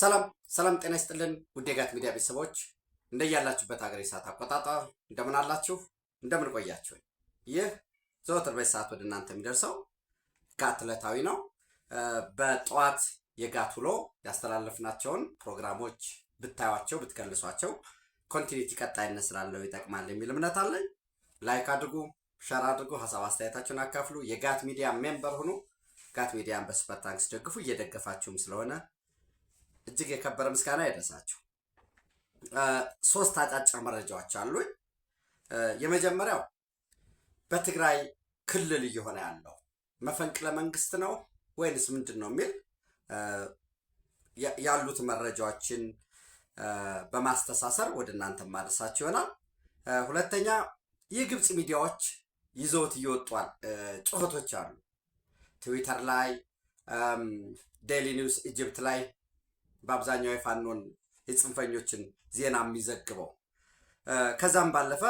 ሰላም ሰላም፣ ጤና ይስጥልን ውዴጋት ሚዲያ ቤተሰቦች እንደያላችሁበት ሀገር ሰዓት አቆጣጠር እንደምን አላችሁ? እንደምን ቆያችሁ? ይህ ዘወትር በዚህ ሰዓት ወደ እናንተ የሚደርሰው ጋት ዕለታዊ ነው። በጠዋት የጋት ውሎ ያስተላለፍናቸውን ፕሮግራሞች ብታዩቸው ብትከልሷቸው ኮንቲኒቲ ቀጣይነት ስላለው ይጠቅማል የሚል እምነት አለኝ። ላይክ አድርጉ፣ ሸር አድርጉ፣ ሀሳብ አስተያየታችሁን አካፍሉ፣ የጋት ሚዲያ ሜምበር ሁኑ። ጋት ሚዲያን በስፐርታንክስ ደግፉ። እየደገፋችሁም ስለሆነ እጅግ የከበረ ምስጋና ይድረሳችሁ። ሶስት አጫጭር መረጃዎች አሉኝ። የመጀመሪያው በትግራይ ክልል እየሆነ ያለው መፈንቅለ መንግስት ነው ወይንስ ምንድን ነው የሚል ያሉት መረጃዎችን በማስተሳሰር ወደ እናንተ ማድረሳችሁ ይሆናል። ሁለተኛ የግብፅ ሚዲያዎች ይዘውት እየወጧል ጩኸቶች አሉ። ትዊተር ላይ፣ ዴይሊ ኒውስ ኢጅፕት ላይ በአብዛኛው የፋኖን የጽንፈኞችን ዜና የሚዘግበው። ከዛም ባለፈ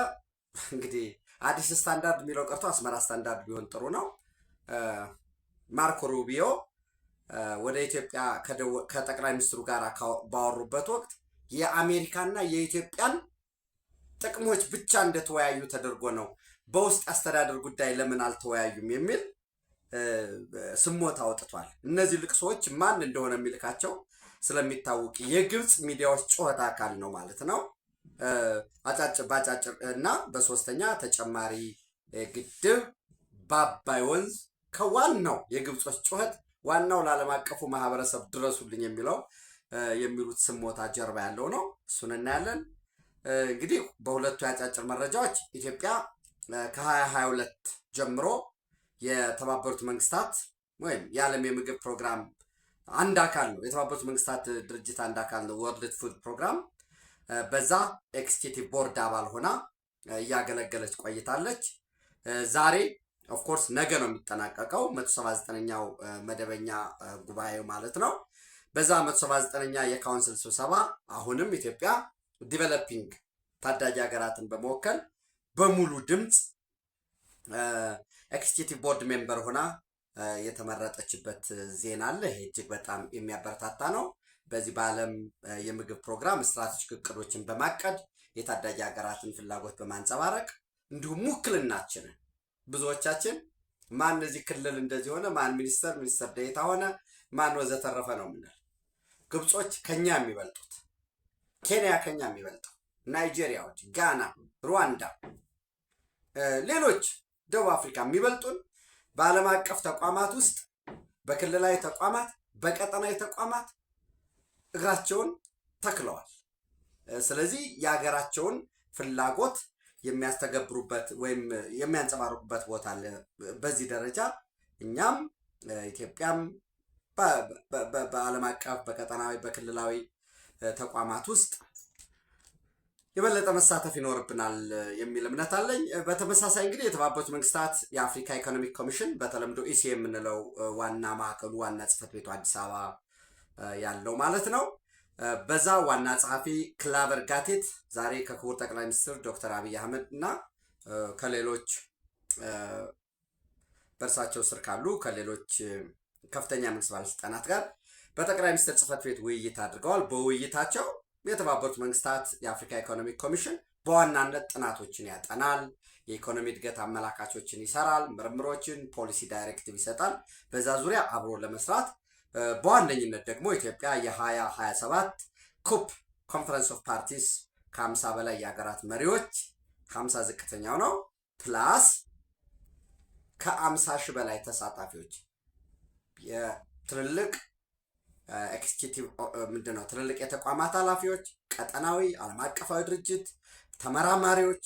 እንግዲህ አዲስ ስታንዳርድ የሚለው ቀርቶ አስመራ ስታንዳርድ ቢሆን ጥሩ ነው። ማርኮ ሩቢዮ ወደ ኢትዮጵያ ከጠቅላይ ሚኒስትሩ ጋር ባወሩበት ወቅት የአሜሪካና የኢትዮጵያን ጥቅሞች ብቻ እንደተወያዩ ተደርጎ ነው በውስጥ አስተዳደር ጉዳይ ለምን አልተወያዩም የሚል ስሞታ አውጥቷል። እነዚህ ልቅሶዎች ማን እንደሆነ የሚልካቸው ስለሚታወቅ የግብፅ ሚዲያዎች ጩኸት አካል ነው ማለት ነው። አጫጭር በአጫጭር እና በሶስተኛ ተጨማሪ ግድብ በአባይ ወንዝ ከዋናው የግብጾች ጩኸት ዋናው ለዓለም አቀፉ ማህበረሰብ ድረሱልኝ የሚለው የሚሉት ስሞታ ጀርባ ያለው ነው። እሱን እናያለን። እንግዲህ በሁለቱ የአጫጭር መረጃዎች ኢትዮጵያ ከ2022 ጀምሮ የተባበሩት መንግስታት ወይም የዓለም የምግብ ፕሮግራም አንድ አካል ነው። የተባበሩት መንግስታት ድርጅት አንድ አካል ነው ወርልድ ፉድ ፕሮግራም። በዛ ኤክስኪቲቭ ቦርድ አባል ሆና እያገለገለች ቆይታለች። ዛሬ ኦፍኮርስ ነገ ነው የሚጠናቀቀው 179ኛው መደበኛ ጉባኤው ማለት ነው። በዛ 179ኛ የካውንስል ስብሰባ አሁንም ኢትዮጵያ ዲቨሎፒንግ ታዳጊ ሀገራትን በመወከል በሙሉ ድምፅ ኤክስኪቲቭ ቦርድ ሜምበር ሆና የተመረጠችበት ዜና አለ። ይሄ እጅግ በጣም የሚያበረታታ ነው። በዚህ በዓለም የምግብ ፕሮግራም ስትራቴጂክ እቅዶችን በማቀድ የታዳጊ ሀገራትን ፍላጎት በማንጸባረቅ እንዲሁም ውክልናችንን ብዙዎቻችን ማን እዚህ ክልል እንደዚህ ሆነ፣ ማን ሚኒስተር ሚኒስተር ዴኤታ ሆነ፣ ማን ወዘተረፈ ነው የምንል። ግብጾች ከኛ የሚበልጡት፣ ኬንያ ከኛ የሚበልጠው፣ ናይጄሪያዎች፣ ጋና፣ ሩዋንዳ፣ ሌሎች ደቡብ አፍሪካ የሚበልጡን በዓለም አቀፍ ተቋማት ውስጥ በክልላዊ ተቋማት፣ በቀጠናዊ ተቋማት እግራቸውን ተክለዋል። ስለዚህ የሀገራቸውን ፍላጎት የሚያስተገብሩበት ወይም የሚያንጸባርቁበት ቦታ አለ። በዚህ ደረጃ እኛም ኢትዮጵያም በዓለም አቀፍ በቀጠናዊ በክልላዊ ተቋማት ውስጥ የበለጠ መሳተፍ ይኖርብናል የሚል እምነት አለኝ። በተመሳሳይ እንግዲህ የተባበሩት መንግስታት የአፍሪካ ኢኮኖሚክ ኮሚሽን በተለምዶ ኢሲ የምንለው ዋና ማዕከሉ ዋና ጽህፈት ቤቱ አዲስ አበባ ያለው ማለት ነው። በዛ ዋና ጸሐፊ ክላቨር ጋቴት ዛሬ ከክቡር ጠቅላይ ሚኒስትር ዶክተር አብይ አህመድ እና ከሌሎች በእርሳቸው ስር ካሉ ከሌሎች ከፍተኛ መንግስት ባለስልጣናት ጋር በጠቅላይ ሚኒስትር ጽህፈት ቤት ውይይት አድርገዋል። በውይይታቸው የተባበሩት መንግስታት የአፍሪካ ኢኮኖሚክ ኮሚሽን በዋናነት ጥናቶችን ያጠናል፣ የኢኮኖሚ እድገት አመላካቾችን ይሰራል፣ ምርምሮችን፣ ፖሊሲ ዳይሬክቲቭ ይሰጣል። በዛ ዙሪያ አብሮ ለመስራት በዋነኝነት ደግሞ ኢትዮጵያ የ2027 ኩፕ ኮንፈረንስ ኦፍ ፓርቲስ ከ50 በላይ የሀገራት መሪዎች 50 ዝቅተኛው ነው ፕላስ ከ50 ሺህ በላይ ተሳታፊዎች የትልልቅ ኤክስኪቲቭ ምንድን ነው ትልልቅ የተቋማት ኃላፊዎች፣ ቀጠናዊ ዓለም አቀፋዊ ድርጅት ተመራማሪዎች፣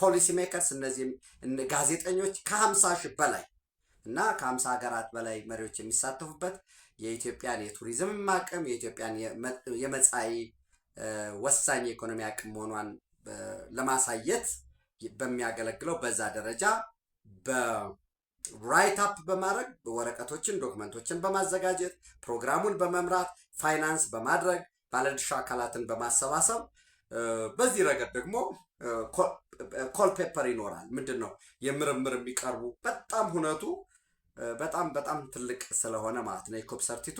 ፖሊሲ ሜከርስ፣ እነዚህም ጋዜጠኞች ከሀምሳ ሺህ በላይ እና ከሀምሳ ሀገራት በላይ መሪዎች የሚሳተፉበት የኢትዮጵያን የቱሪዝም አቅም የኢትዮጵያን የመጻኢ ወሳኝ የኢኮኖሚ አቅም መሆኗን ለማሳየት በሚያገለግለው በዛ ደረጃ ራይት አፕ በማድረግ ወረቀቶችን፣ ዶክመንቶችን በማዘጋጀት ፕሮግራሙን በመምራት ፋይናንስ በማድረግ ባለድርሻ አካላትን በማሰባሰብ በዚህ ረገድ ደግሞ ኮል ፔፐር ይኖራል። ምንድን ነው የምርምር የሚቀርቡ በጣም ሁነቱ በጣም በጣም ትልቅ ስለሆነ ማለት ነው። የኮፕ ሰርቲቱ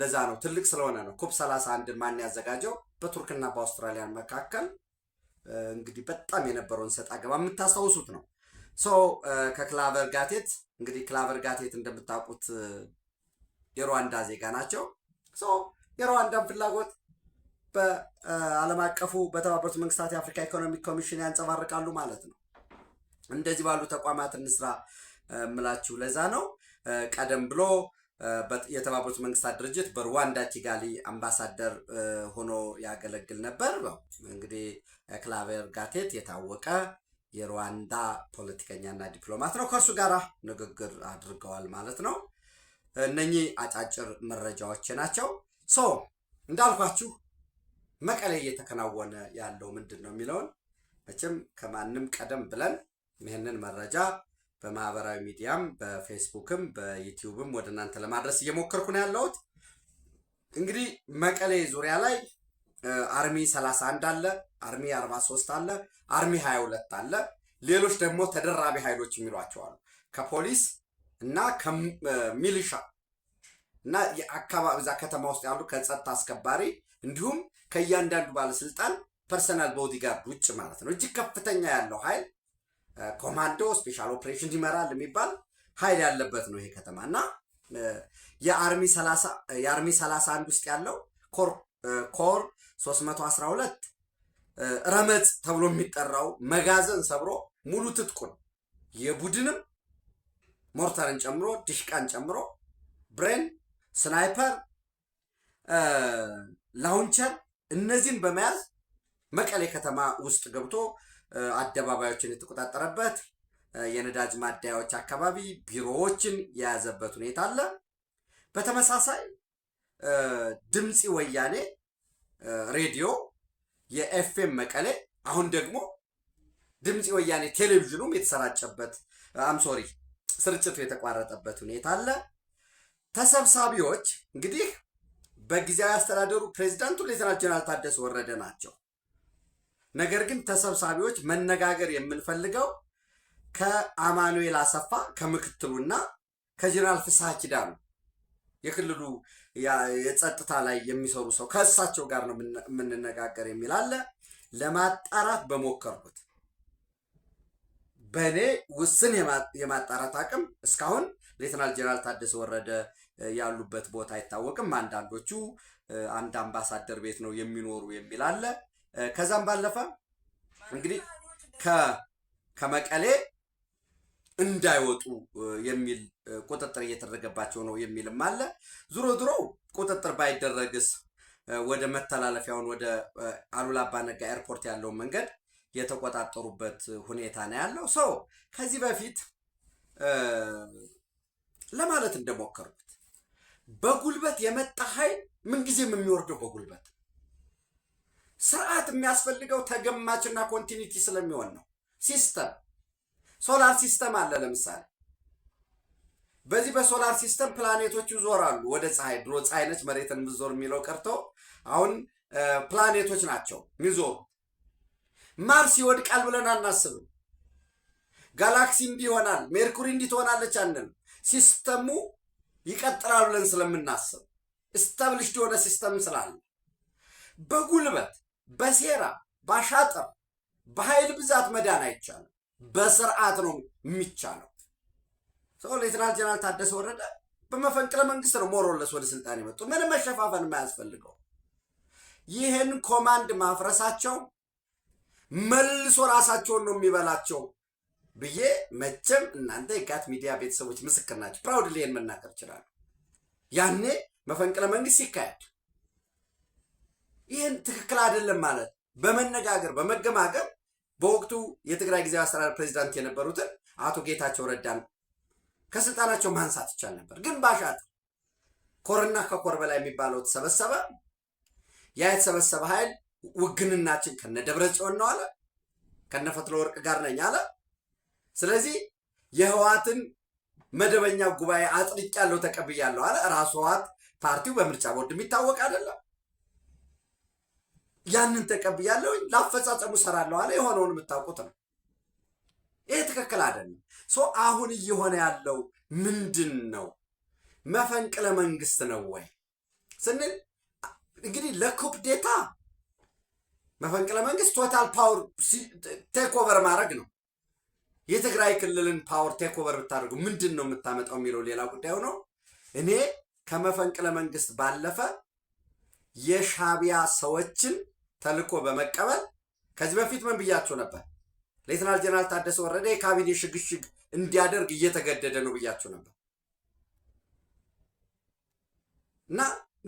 ለዛ ነው ትልቅ ስለሆነ ነው። ኮፕ ሰላሳ ማን ያዘጋጀው? በቱርክና በአውስትራሊያን መካከል እንግዲህ በጣም የነበረውን ሰጥ አገባ የምታስታውሱት ነው። ሶ ከክላቨር ጋቴት እንግዲህ ክላቨር ጋቴት እንደምታውቁት የሩዋንዳ ዜጋ ናቸው። ሶ የሩዋንዳን ፍላጎት በዓለም አቀፉ በተባበሩት መንግስታት የአፍሪካ ኢኮኖሚክ ኮሚሽን ያንጸባርቃሉ ማለት ነው። እንደዚህ ባሉ ተቋማት እንስራ ምላችሁ ለዛ ነው ቀደም ብሎ የተባበሩት መንግስታት ድርጅት በሩዋንዳ ኪጋሊ አምባሳደር ሆኖ ያገለግል ነበር። እንግዲህ ክላቨር ጋቴት የታወቀ የሩዋንዳ ፖለቲከኛና ዲፕሎማት ነው። ከእርሱ ጋር ንግግር አድርገዋል ማለት ነው። እነኚህ አጫጭር መረጃዎች ናቸው። ሶ እንዳልኳችሁ መቀሌ እየተከናወነ ያለው ምንድን ነው የሚለውን መቼም ከማንም ቀደም ብለን ይህንን መረጃ በማህበራዊ ሚዲያም በፌስቡክም በዩቲዩብም ወደ እናንተ ለማድረስ እየሞከርኩ ነው ያለሁት። እንግዲህ መቀሌ ዙሪያ ላይ አርሚ 31 አለ፣ አርሚ 43 አለ፣ አርሚ 22 አለ። ሌሎች ደግሞ ተደራቢ ኃይሎች የሚሏቸው አሉ ከፖሊስ እና ከሚሊሻ እና የአካባቢ እዛ ከተማ ውስጥ ያሉ ከጸጥታ አስከባሪ እንዲሁም ከእያንዳንዱ ባለስልጣን ፐርሰናል ቦዲጋርድ ውጭ ማለት ነው። እጅግ ከፍተኛ ያለው ኃይል ኮማንዶ ስፔሻል ኦፕሬሽን ይመራል የሚባል ኃይል ያለበት ነው ይሄ ከተማ እና የአርሚ ሰላሳ አንድ ውስጥ ያለው ኮር 312 ረመጽ ተብሎ የሚጠራው መጋዘን ሰብሮ ሙሉ ትጥቁን የቡድንም ሞርተርን ጨምሮ ድሽቃን ጨምሮ ብሬን፣ ስናይፐር፣ ላውንቸር እነዚህን በመያዝ መቀሌ ከተማ ውስጥ ገብቶ አደባባዮችን የተቆጣጠረበት የነዳጅ ማደያዎች አካባቢ ቢሮዎችን የያዘበት ሁኔታ አለ። በተመሳሳይ ድምፂ ወያኔ ሬዲዮ የኤፍኤም መቀሌ አሁን ደግሞ ድምፂ ወያኔ ቴሌቪዥኑም የተሰራጨበት አምሶሪ ስርጭቱ የተቋረጠበት ሁኔታ አለ። ተሰብሳቢዎች እንግዲህ በጊዜያዊ አስተዳደሩ ፕሬዚዳንቱ ሌተናል ጀነራል ታደሰ ወረደ ናቸው። ነገር ግን ተሰብሳቢዎች መነጋገር የምንፈልገው ከአማኑኤል አሰፋ ከምክትሉና ከጀነራል ፍስሐ ኪዳኑ የክልሉ የጸጥታ ላይ የሚሰሩ ሰው ከእሳቸው ጋር ነው የምንነጋገር የሚል አለ። ለማጣራት በሞከርኩት በእኔ ውስን የማጣራት አቅም እስካሁን ሌትናል ጄኔራል ታደሰ ወረደ ያሉበት ቦታ አይታወቅም። አንዳንዶቹ አንድ አምባሳደር ቤት ነው የሚኖሩ የሚል አለ። ከዛም ባለፈ እንግዲህ ከመቀሌ እንዳይወጡ የሚል ቁጥጥር እየተደረገባቸው ነው የሚልም አለ። ዙሮ ዙሮ ቁጥጥር ባይደረግስ ወደ መተላለፊያውን ወደ አሉላ አባነጋ ኤርፖርት ያለውን መንገድ የተቆጣጠሩበት ሁኔታ ነው ያለው። ሰው ከዚህ በፊት ለማለት እንደሞከሩት በጉልበት የመጣ ኃይል ምንጊዜም የሚወርደው በጉልበት ስርዓት የሚያስፈልገው ተገማችና ኮንቲኒቲ ስለሚሆን ነው ሲስተም ሶላር ሲስተም አለ። ለምሳሌ በዚህ በሶላር ሲስተም ፕላኔቶች ይዞራሉ ወደ ፀሐይ። ድሮ ፀሐይ ነች መሬትን የምትዞር የሚለው ቀርቶ አሁን ፕላኔቶች ናቸው የሚዞሩ። ማርስ ይወድቃል ብለን አናስብም። ጋላክሲ እንዲህ ይሆናል፣ ሜርኩሪ እንዲህ ትሆናለች አንልም። ሲስተሙ ይቀጥላል ብለን ስለምናስብ ስታብሊሽድ የሆነ ሲስተም ስላለ በጉልበት በሴራ ባሻጠር በኃይል ብዛት መዳን አይቻልም። በስርዓት ነው የሚቻለው። ሰው ሌትናል ጀነራል ታደሰ ወረደ በመፈንቅለ መንግስት ነው ሞሮለስ ወደ ስልጣን የመጡ ምንም መሸፋፈን የማያስፈልገው። ይህን ኮማንድ ማፍረሳቸው መልሶ ራሳቸውን ነው የሚበላቸው ብዬ መቼም እናንተ የጋት ሚዲያ ቤተሰቦች ምስክር ናቸው። ፕራውድ ሊሄን መናገር ይችላሉ። ያኔ መፈንቅለ መንግስት ሲካሄድ ይህን ትክክል አይደለም ማለት በመነጋገር በመገማገም በወቅቱ የትግራይ ጊዜያዊ አስተዳደር ፕሬዚዳንት የነበሩትን አቶ ጌታቸው ረዳን ከስልጣናቸው ማንሳት ይቻል ነበር። ግን ባሻጥ ኮርና ከኮር በላይ የሚባለው ተሰበሰበ። ያ የተሰበሰበ ኃይል ውግንናችን ከነ ደብረ ጽዮን ነው አለ፣ ከነ ፈትለ ወርቅ ጋር ነኝ አለ። ስለዚህ የህወሓትን መደበኛ ጉባኤ አጥልቅ ያለው ተቀብያለሁ አለ። ራሱ ህወሓት ፓርቲው በምርጫ ቦርድ የሚታወቅ አይደለም። ያንን ተቀብያለሁ ላፈጻጸሙ ሰራለሁ አለ። የሆነውን የምታውቁት ነው። ይሄ ትክክል አይደለም። ሶ አሁን እየሆነ ያለው ምንድን ነው? መፈንቅለ መንግስት ነው ወይ ስንል እንግዲህ ለኩፕዴታ መፈንቅለ መንግስት ቶታል ፓወር ቴክ ኦቨር ማድረግ ነው። የትግራይ ክልልን ፓወር ኦቨር ብታደርጉ ምንድን ነው የምታመጣው የሚለው ሌላ ጉዳይ ነው። እኔ ከመፈንቅለ መንግስት ባለፈ የሻቢያ ሰዎችን ተልኮ በመቀበል ከዚህ በፊት ምን ብያቸው ነበር? ሌትናል ጀነራል ታደሰ ወረደ የካቢኔ ሽግሽግ እንዲያደርግ እየተገደደ ነው ብያቸው ነበር። እና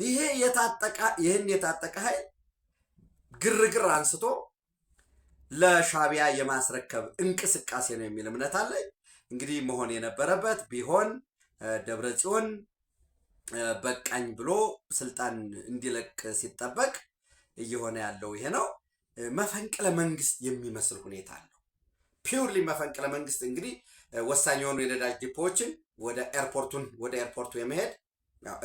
ይሄ የታጠቀ ይህን የታጠቀ ኃይል ግርግር አንስቶ ለሻቢያ የማስረከብ እንቅስቃሴ ነው የሚል እምነት አለኝ። እንግዲህ መሆን የነበረበት ቢሆን ደብረ ጽዮን በቃኝ ብሎ ስልጣን እንዲለቅ ሲጠበቅ እየሆነ ያለው ይሄ ነው። መፈንቅለ መንግስት የሚመስል ሁኔታ አለው። ፒውርሊ መፈንቅለ መንግስት እንግዲህ ወሳኝ የሆኑ የነዳጅ ዲፖዎችን ወደ ኤርፖርቱን ወደ ኤርፖርቱ የመሄድ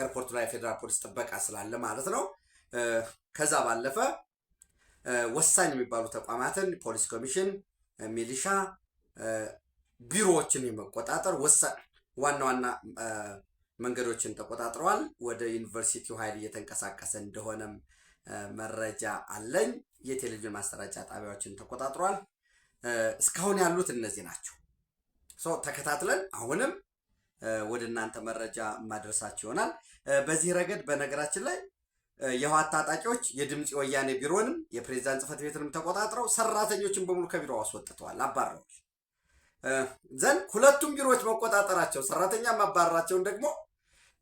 ኤርፖርቱ ላይ ፌዴራል ፖሊስ ጥበቃ ስላለ ማለት ነው። ከዛ ባለፈ ወሳኝ የሚባሉ ተቋማትን ፖሊስ ኮሚሽን፣ ሚሊሻ፣ ቢሮዎችን የመቆጣጠር ዋና ዋና መንገዶችን ተቆጣጥረዋል። ወደ ዩኒቨርሲቲው ኃይል እየተንቀሳቀሰ እንደሆነም መረጃ አለኝ። የቴሌቪዥን ማሰራጫ ጣቢያዎችን ተቆጣጥሯል። እስካሁን ያሉት እነዚህ ናቸው። ተከታትለን አሁንም ወደ እናንተ መረጃ ማድረሳቸው ይሆናል። በዚህ ረገድ በነገራችን ላይ የህወሓት ታጣቂዎች የድምፂ ወያኔ ቢሮንም የፕሬዚዳንት ጽህፈት ቤትንም ተቆጣጥረው ሰራተኞችን በሙሉ ከቢሮ አስወጥተዋል፣ አባረዋል። ዘንድ ሁለቱም ቢሮዎች መቆጣጠራቸው ሰራተኛ ማባረራቸውን ደግሞ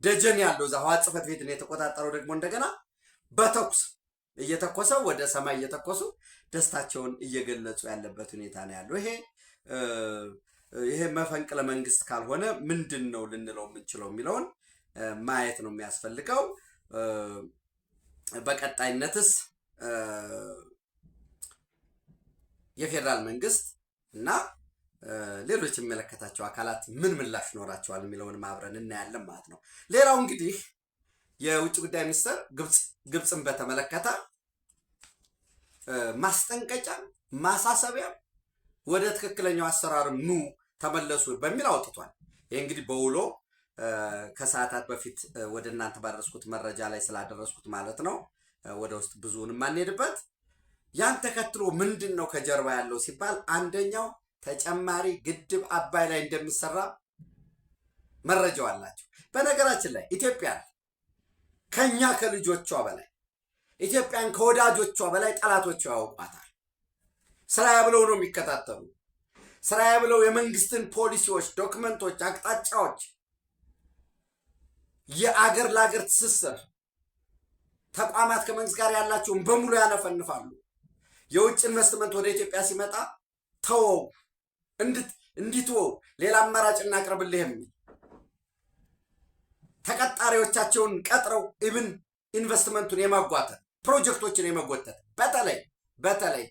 ደጀን ያለው እዛ ህወሓት ጽህፈት ቤትን የተቆጣጠረው ደግሞ እንደገና በተኩስ እየተኮሰ ወደ ሰማይ እየተኮሱ ደስታቸውን እየገለጹ ያለበት ሁኔታ ነው ያለው። ይሄ ይሄ መፈንቅለ መንግስት ካልሆነ ምንድን ነው ልንለው የምንችለው የሚለውን ማየት ነው የሚያስፈልገው። በቀጣይነትስ የፌዴራል መንግስት እና ሌሎች የሚመለከታቸው አካላት ምን ምላሽ ይኖራቸዋል የሚለውን ማብረን እናያለን ማለት ነው። ሌላው እንግዲህ የውጭ ጉዳይ ሚኒስትር ግብፅን በተመለከተ ማስጠንቀቂያ ማሳሰቢያ ወደ ትክክለኛው አሰራር ኑ ተመለሱ በሚል አውጥቷል። ይህ እንግዲህ በውሎ ከሰዓታት በፊት ወደ እናንተ ባደረስኩት መረጃ ላይ ስላደረስኩት ማለት ነው። ወደ ውስጥ ብዙውን ማንሄድበት ያን ተከትሎ ምንድን ነው ከጀርባ ያለው ሲባል አንደኛው ተጨማሪ ግድብ አባይ ላይ እንደሚሰራ መረጃው አላቸው። በነገራችን ላይ ኢትዮጵያ ከእኛ ከልጆቿ በላይ ኢትዮጵያን ከወዳጆቿ በላይ ጠላቶቿ ያውቋታል። ስራዬ ብለው ነው የሚከታተሉ። ስራዬ ብለው የመንግስትን ፖሊሲዎች፣ ዶክመንቶች፣ አቅጣጫዎች፣ የአገር ለአገር ትስስር ተቋማት ከመንግስት ጋር ያላቸውን በሙሉ ያነፈንፋሉ። የውጭ ኢንቨስትመንት ወደ ኢትዮጵያ ሲመጣ ተወው እንዲትወው ሌላ አማራጭ እናቅርብልህ የሚል ተቀጣሪዎቻቸውን ቀጥረው ኢብን ኢንቨስትመንቱን የማጓተት ፕሮጀክቶችን የመጎተት በተለይ በተለይ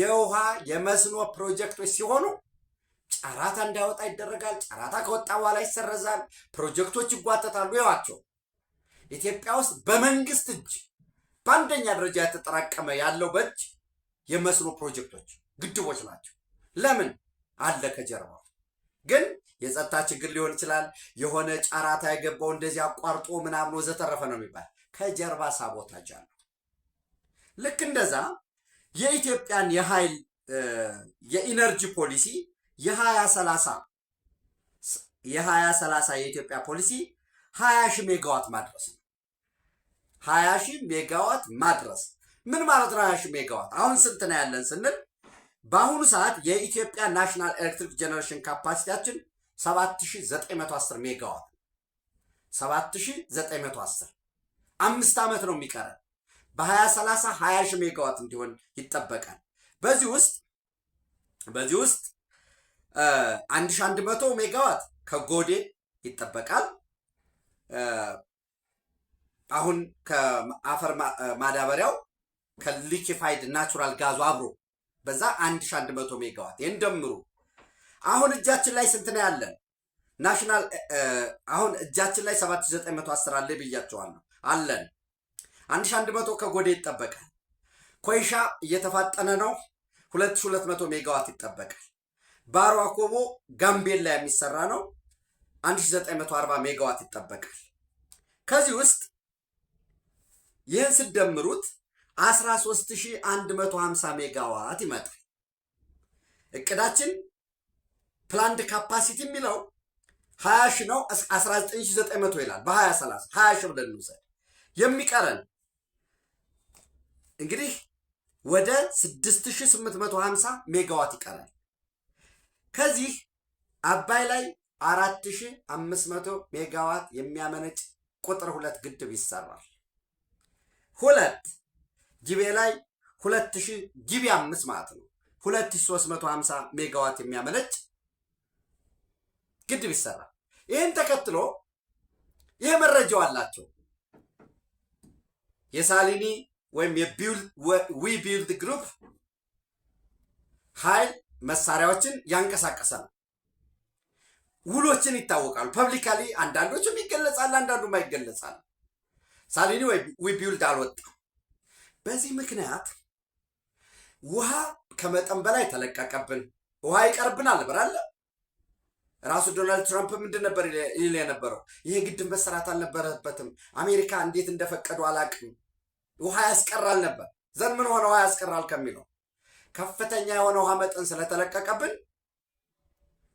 የውሃ የመስኖ ፕሮጀክቶች ሲሆኑ ጨራታ እንዳይወጣ ይደረጋል። ጨራታ ከወጣ በኋላ ይሰረዛል። ፕሮጀክቶች ይጓተታሉ። ይዋቸው ኢትዮጵያ ውስጥ በመንግስት እጅ በአንደኛ ደረጃ የተጠራቀመ ያለው በእጅ የመስኖ ፕሮጀክቶች ግድቦች ናቸው። ለምን አለ ከጀርባው ግን የጸጥታ ችግር ሊሆን ይችላል። የሆነ ጫራታ የገባው እንደዚህ አቋርጦ ምናምን ወዘተረፈ ነው የሚባል ከጀርባ ሳቦታጅ አለ። ልክ እንደዛ የኢትዮጵያን የኃይል የኢነርጂ ፖሊሲ የሀያ ሰላሳ የሀያ ሰላሳ የኢትዮጵያ ፖሊሲ ሀያ ሺህ ሜጋዋት ማድረስ ነው። ሀያ ሺህ ሜጋዋት ማድረስ ምን ማለት ነው? ሀያ ሺህ ሜጋዋት አሁን ስንት ነው ያለን ስንል በአሁኑ ሰዓት የኢትዮጵያ ናሽናል ኤሌክትሪክ ጀነሬሽን ካፓሲቲያችን 7910 ሜጋዋት 7910 አምስት ዓመት ነው የሚቀረን። በ2030 20 ሺህ ሜጋዋት እንዲሆን ይጠበቃል። በዚህ ውስጥ በዚህ ውስጥ 1100 ሜጋዋት ከጎዴ ይጠበቃል። አሁን ከአፈር ማዳበሪያው ከሊኪፋይድ ናቹራል ጋዙ አብሮ በዛ 1100 ሜጋዋት ይህን ደምሩ። አሁን እጃችን ላይ ስንት ነው ያለን? ናሽናል አሁን እጃችን ላይ 7910 አለ ብያቸዋለሁ። አለን 1100 ከጎዴ ይጠበቃል። ኮይሻ እየተፋጠነ ነው። 2200 ሜጋዋት ይጠበቃል። ባሮ አኮቦ ጋምቤላ የሚሰራ ነው። 1940 ሜጋዋት ይጠበቃል። ከዚህ ውስጥ ይህን ስደምሩት 13150 ሜጋዋት ይመጣል። እቅዳችን ፕላንድ ካፓሲቲ የሚለው ሀያ ሺ ነው። መቶ ይላል በሀያ ሰላሳ ሀያ ሺ ብለን እንውሰድ። የሚቀረን እንግዲህ ወደ ሀምሳ ሜጋዋት ይቀራል። ከዚህ አባይ ላይ መቶ ሜጋዋት የሚያመነጭ ቁጥር ሁለት ግድብ ይሰራል። ሁለት ጊቤ ላይ ሺ ጊቤ አምስት ማለት ነው ሀምሳ ሜጋዋት የሚያመነጭ ግድብ ይሰራል። ይህን ተከትሎ ይህ መረጃው አላቸው የሳሊኒ ወይም ዊ ቢልድ ግሩፕ ኃይል መሳሪያዎችን ያንቀሳቀሰ ነው። ውሎችን ይታወቃሉ። ፐብሊካሊ አንዳንዶችም ይገለጻል፣ አንዳንዱም አይገለጻል። ሳሊኒ ወይ ቢልድ አልወጣም። በዚህ ምክንያት ውሃ ከመጠን በላይ ተለቀቀብን። ውሃ ይቀርብናል ብራለ ራሱ ዶናልድ ትራምፕ ምንድን ነበር ይል የነበረው? ይሄ ግድብ መሰራት አልነበረበትም፣ አሜሪካ እንዴት እንደፈቀዱ አላቅም፣ ውሃ ያስቀራል ነበር። ዘን ምን ሆነ? ውሃ ያስቀራል ከሚለው ከፍተኛ የሆነ ውሃ መጠን ስለተለቀቀብን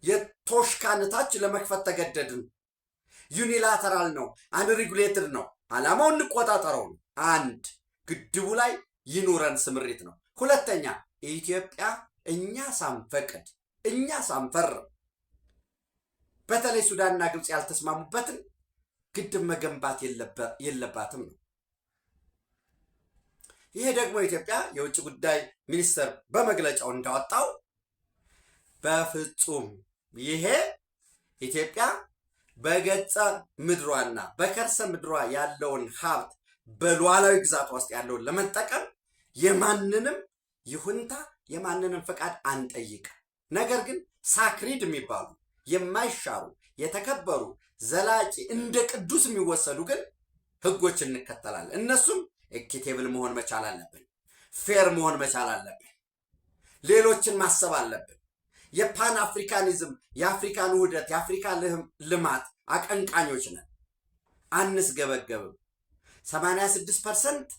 የቶሽካን ታች ለመክፈት ተገደድን። ዩኒላተራል ነው፣ አንሪጉሌትድ ነው። አላማው እንቆጣጠረው ነው። አንድ ግድቡ ላይ ይኑረን ስምሪት ነው። ሁለተኛ ኢትዮጵያ እኛ ሳንፈቅድ እኛ ሳንፈርም በተለይ ሱዳንና ግብፅ ያልተስማሙበትን ግድብ መገንባት የለባትም ነው። ይሄ ደግሞ ኢትዮጵያ የውጭ ጉዳይ ሚኒስቴር በመግለጫው እንዳወጣው በፍጹም ይሄ ኢትዮጵያ በገጸ ምድሯና በከርሰ ምድሯ ያለውን ሀብት በሉዓላዊ ግዛቷ ውስጥ ያለውን ለመጠቀም የማንንም ይሁንታ የማንንም ፈቃድ አንጠይቅ። ነገር ግን ሳክሪድ የሚባሉ የማይሻሩ የተከበሩ ዘላቂ እንደ ቅዱስ የሚወሰዱ ግን ህጎች እንከተላለን። እነሱም ኤኪቴብል መሆን መቻል አለብን። ፌር መሆን መቻል አለብን። ሌሎችን ማሰብ አለብን። የፓን አፍሪካኒዝም፣ የአፍሪካን ውህደት፣ የአፍሪካ ልማት አቀንቃኞች ነን። አንስገበገብም። 86 ፐርሰንት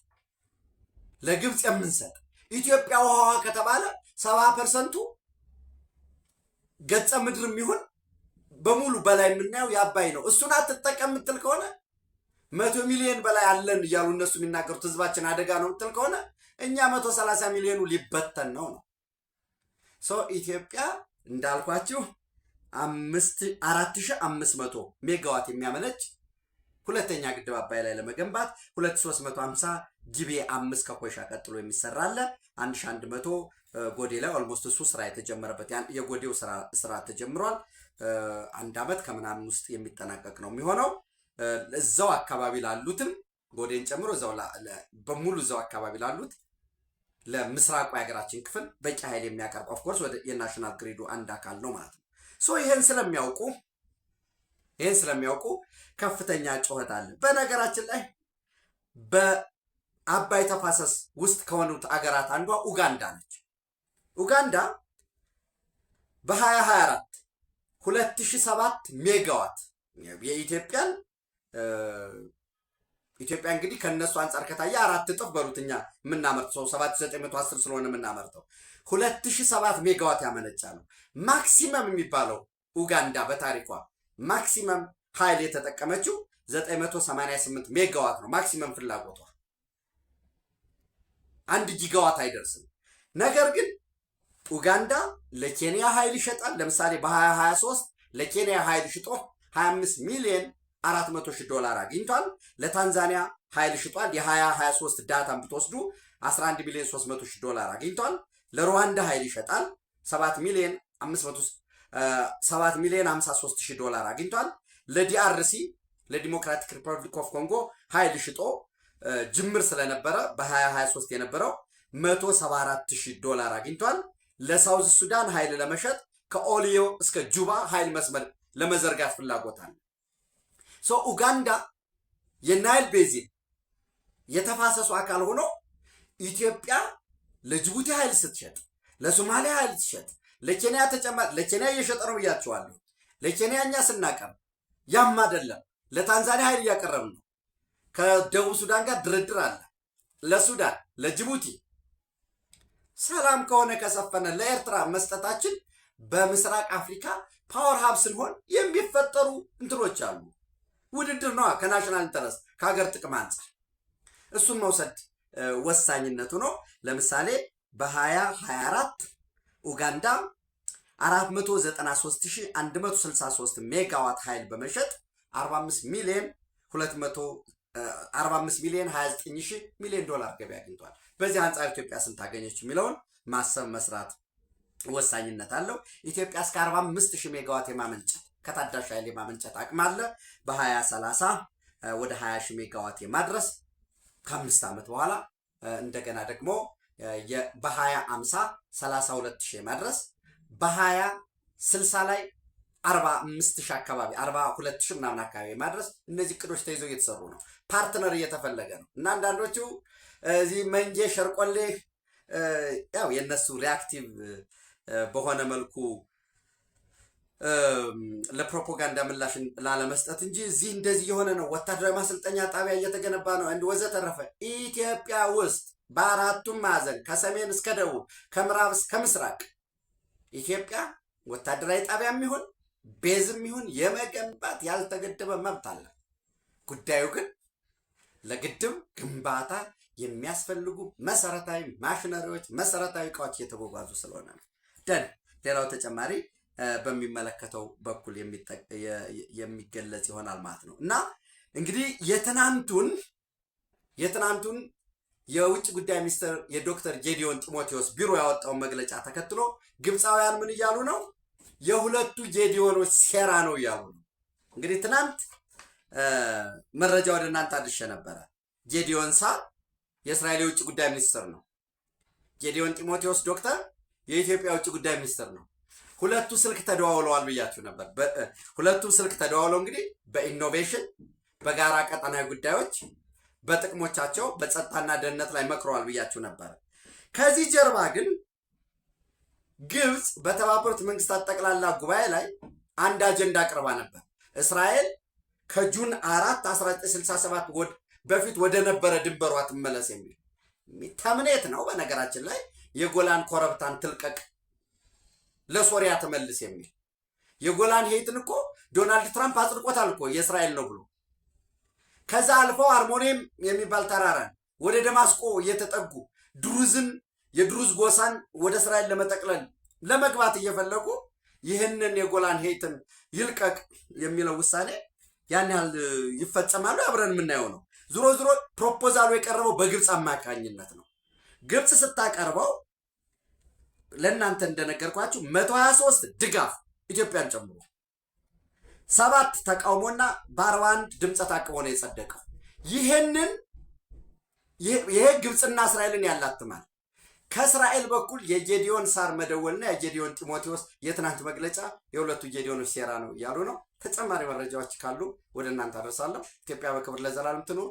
ለግብፅ የምንሰጥ ኢትዮጵያ ውሃዋ ከተባለ ሰባ ፐርሰንቱ ገጸ ምድር የሚሆን በሙሉ በላይ የምናየው የአባይ ነው። እሱን አትጠቀም የምትል ከሆነ መቶ ሚሊዮን በላይ አለን እያሉ እነሱ የሚናገሩት ህዝባችን አደጋ ነው የምትል ከሆነ እኛ መቶ ሰላሳ ሚሊዮኑ ሊበተን ነው ነው ሰው ኢትዮጵያ እንዳልኳችሁ አራት ሺህ አምስት መቶ ሜጋዋት የሚያመነጭ ሁለተኛ ግድብ አባይ ላይ ለመገንባት ሁለት ሶስት መቶ ሀምሳ ጊቤ አምስት ከኮይሻ ቀጥሎ የሚሰራ አንድ ሺህ አንድ መቶ ጎዴ ላይ ኦልሞስት እሱ ስራ የተጀመረበት የጎዴው ስራ ተጀምሯል። አንድ ዓመት ከምናምን ውስጥ የሚጠናቀቅ ነው የሚሆነው። እዛው አካባቢ ላሉትም ጎዴን ጨምሮ እዛው በሙሉ እዛው አካባቢ ላሉት ለምስራቁ የሀገራችን ክፍል በቂ ኃይል የሚያቀርብ ኦፍኮርስ ወደ የናሽናል ግሪዱ አንድ አካል ነው ማለት ነው። ሶ ይሄን ስለሚያውቁ ይህን ስለሚያውቁ ከፍተኛ ጩኸት አለ። በነገራችን ላይ በአባይ ተፋሰስ ውስጥ ከሆኑት አገራት አንዷ ኡጋንዳ ነች። ኡጋንዳ በ2024 2007 ሜጋዋት የኢትዮጵያን ኢትዮጵያ እንግዲህ ከነሱ አንጻር ከታየ አራት እጥፍ በሩትኛ የምናመርት ሰው 7910 ስለሆነ የምናመርተው 2007 ሜጋዋት ያመነጫ ነው። ማክሲመም የሚባለው ኡጋንዳ በታሪኳ ማክሲመም ኃይል የተጠቀመችው 988 ሜጋዋት ነው። ማክሲመም ፍላጎቷ አንድ ጊጋዋት አይደርስም። ነገር ግን ኡጋንዳ ለኬንያ ኃይል ይሸጣል። ለምሳሌ በ2023 ለኬንያ ኃይል ሽጦ 25 ሚሊዮን 400 ሺህ ዶላር አግኝቷል። ለታንዛኒያ ኃይል ሽጧል። የ2023 ዳታን ብትወስዱ 11 ሚሊዮን 300 ሺህ ዶላር አግኝቷል። ለሩዋንዳ ኃይል ይሸጣል። 7 ሚሊዮን 7 ሚሊዮን 53 ሺህ ዶላር አግኝቷል። ለዲአርሲ ለዲሞክራቲክ ሪፐብሊክ ኦፍ ኮንጎ ኃይል ሽጦ ጅምር ስለነበረ በ2023 የነበረው 174 ሺህ ዶላር አግኝቷል። ለሳውዝ ሱዳን ኃይል ለመሸጥ ከኦሊዮ እስከ ጁባ ኃይል መስመር ለመዘርጋት ፍላጎት አለ። ሶ ኡጋንዳ የናይል ቤዚን የተፋሰሱ አካል ሆኖ ኢትዮጵያ ለጅቡቲ ኃይል ስትሸጥ፣ ለሶማሊያ ኃይል ስትሸጥ፣ ለኬንያ ተጨማሪ ለኬንያ እየሸጠ ነው ብያቸዋለሁ። ለኬንያ እኛ ስናቀርብ ያም አይደለም ለታንዛኒያ ኃይል እያቀረብ ነው። ከደቡብ ሱዳን ጋር ድርድር አለ። ለሱዳን ለጅቡቲ ሰላም ከሆነ ከሰፈነ ለኤርትራ መስጠታችን በምስራቅ አፍሪካ ፓወር ሀብ ስንሆን የሚፈጠሩ እንትኖች አሉ። ውድድር ነዋ ከናሽናል ኢንተረስት ከሀገር ጥቅም አንጻር እሱን መውሰድ ወሳኝነቱ ነው። ለምሳሌ በ2024 ኡጋንዳ 493163 ሜጋዋት ኃይል በመሸጥ 45 ሚሊዮን 245 ሚሊዮን 29 ሚሊዮን ዶላር ገቢ አግኝቷል። በዚህ አንጻር ኢትዮጵያ ስንት አገኘች የሚለውን ማሰብ መስራት ወሳኝነት አለው። ኢትዮጵያ እስከ 45 ሺህ ሜጋዋት የማመንጨት ከታዳሽ ኃይል የማመንጨት አቅም አለ። በ2030 ወደ 20 ሺህ ሜጋዋት የማድረስ ከአምስት ዓመት በኋላ እንደገና ደግሞ በ2050 32 ሺህ የማድረስ በ2060 ላይ 45 ሺህ አካባቢ 42 ሺህ ምናምን አካባቢ የማድረስ እነዚህ እቅዶች ተይዘው እየተሰሩ ነው። ፓርትነር እየተፈለገ ነው እና አንዳንዶቹ እዚህ መንጌ ሸርቆሌ ያው የነሱ ሪአክቲቭ በሆነ መልኩ ለፕሮፓጋንዳ ምላሽ ላለመስጠት እንጂ እዚህ እንደዚህ የሆነ ነው፣ ወታደራዊ ማሰልጠኛ ጣቢያ እየተገነባ ነው እንድ ወዘተረፈ ኢትዮጵያ ውስጥ በአራቱም ማዕዘን ከሰሜን እስከ ደቡብ ከምዕራብ እስከ ምስራቅ ኢትዮጵያ ወታደራዊ ጣቢያም ይሁን ቤዝም ይሁን የመገንባት ያልተገደበ መብት አለ። ጉዳዩ ግን ለግድብ ግንባታ የሚያስፈልጉ መሰረታዊ ማሽነሪዎች፣ መሰረታዊ እቃዎች እየተጓጓዙ ስለሆነ ነው። ደን ሌላው ተጨማሪ በሚመለከተው በኩል የሚገለጽ ይሆናል ማለት ነው እና እንግዲህ የትናንቱን የትናንቱን የውጭ ጉዳይ ሚኒስትር የዶክተር ጌዲዮን ጢሞቴዎስ ቢሮ ያወጣውን መግለጫ ተከትሎ ግብፃውያን ምን እያሉ ነው? የሁለቱ ጌዲዮኖች ሴራ ነው እያሉ ነው። እንግዲህ ትናንት መረጃ ወደ እናንተ አድርሼ ነበረ ጌዲዮን ሳር የእስራኤል የውጭ ጉዳይ ሚኒስትር ነው። ጌዲዮን ጢሞቴዎስ ዶክተር የኢትዮጵያ ውጭ ጉዳይ ሚኒስትር ነው። ሁለቱ ስልክ ተደዋውለዋል ብያችሁ ነበር። ሁለቱ ስልክ ተደዋውለው እንግዲህ በኢኖቬሽን በጋራ ቀጠናዊ ጉዳዮች በጥቅሞቻቸው በጸጥታና ደህንነት ላይ መክረዋል ብያችሁ ነበር። ከዚህ ጀርባ ግን ግብፅ በተባበሩት መንግስታት ጠቅላላ ጉባኤ ላይ አንድ አጀንዳ አቅርባ ነበር። እስራኤል ከጁን አራት 1967 በፊት ወደ ነበረ ድንበሯ ትመለስ የሚል ተምኔት ነው። በነገራችን ላይ የጎላን ኮረብታን ትልቀቅ ለሶሪያ ትመልስ የሚል የጎላን ሄይትን እኮ ዶናልድ ትራምፕ አጽድቆታል እኮ የእስራኤል ነው ብሎ ከዛ አልፈው አርሞኒየም የሚባል ተራራን ወደ ደማስቆ እየተጠጉ ድሩዝን የድሩዝ ጎሳን ወደ እስራኤል ለመጠቅለል ለመግባት እየፈለጉ ይህንን የጎላን ሄይትን ይልቀቅ የሚለው ውሳኔ ያን ያህል ይፈጸማሉ አብረን የምናየው ነው። ዝሮ ዝሮ ፕሮፖዛሉ የቀረበው በግብፅ አማካኝነት ነው። ግብፅ ስታቀርበው ለእናንተ እንደነገርኳችሁ መቶ ሀያ ሶስት ድጋፍ ኢትዮጵያን ጨምሮ ሰባት ተቃውሞና በአርባ አንድ ድምፀ ታቅቦ ነው የጸደቀው። ይህንን ይሄ ግብፅና እስራኤልን ያላትማል። ከእስራኤል በኩል የጌዲዮን ሳር መደወልና የጌዲዮን ጢሞቴዎስ የትናንት መግለጫ የሁለቱ ጌዲዮኖች ሴራ ነው እያሉ ነው። ተጨማሪ መረጃዎች ካሉ ወደ እናንተ አደርሳለሁ። ኢትዮጵያ በክብር ለዘላለም ትኑር።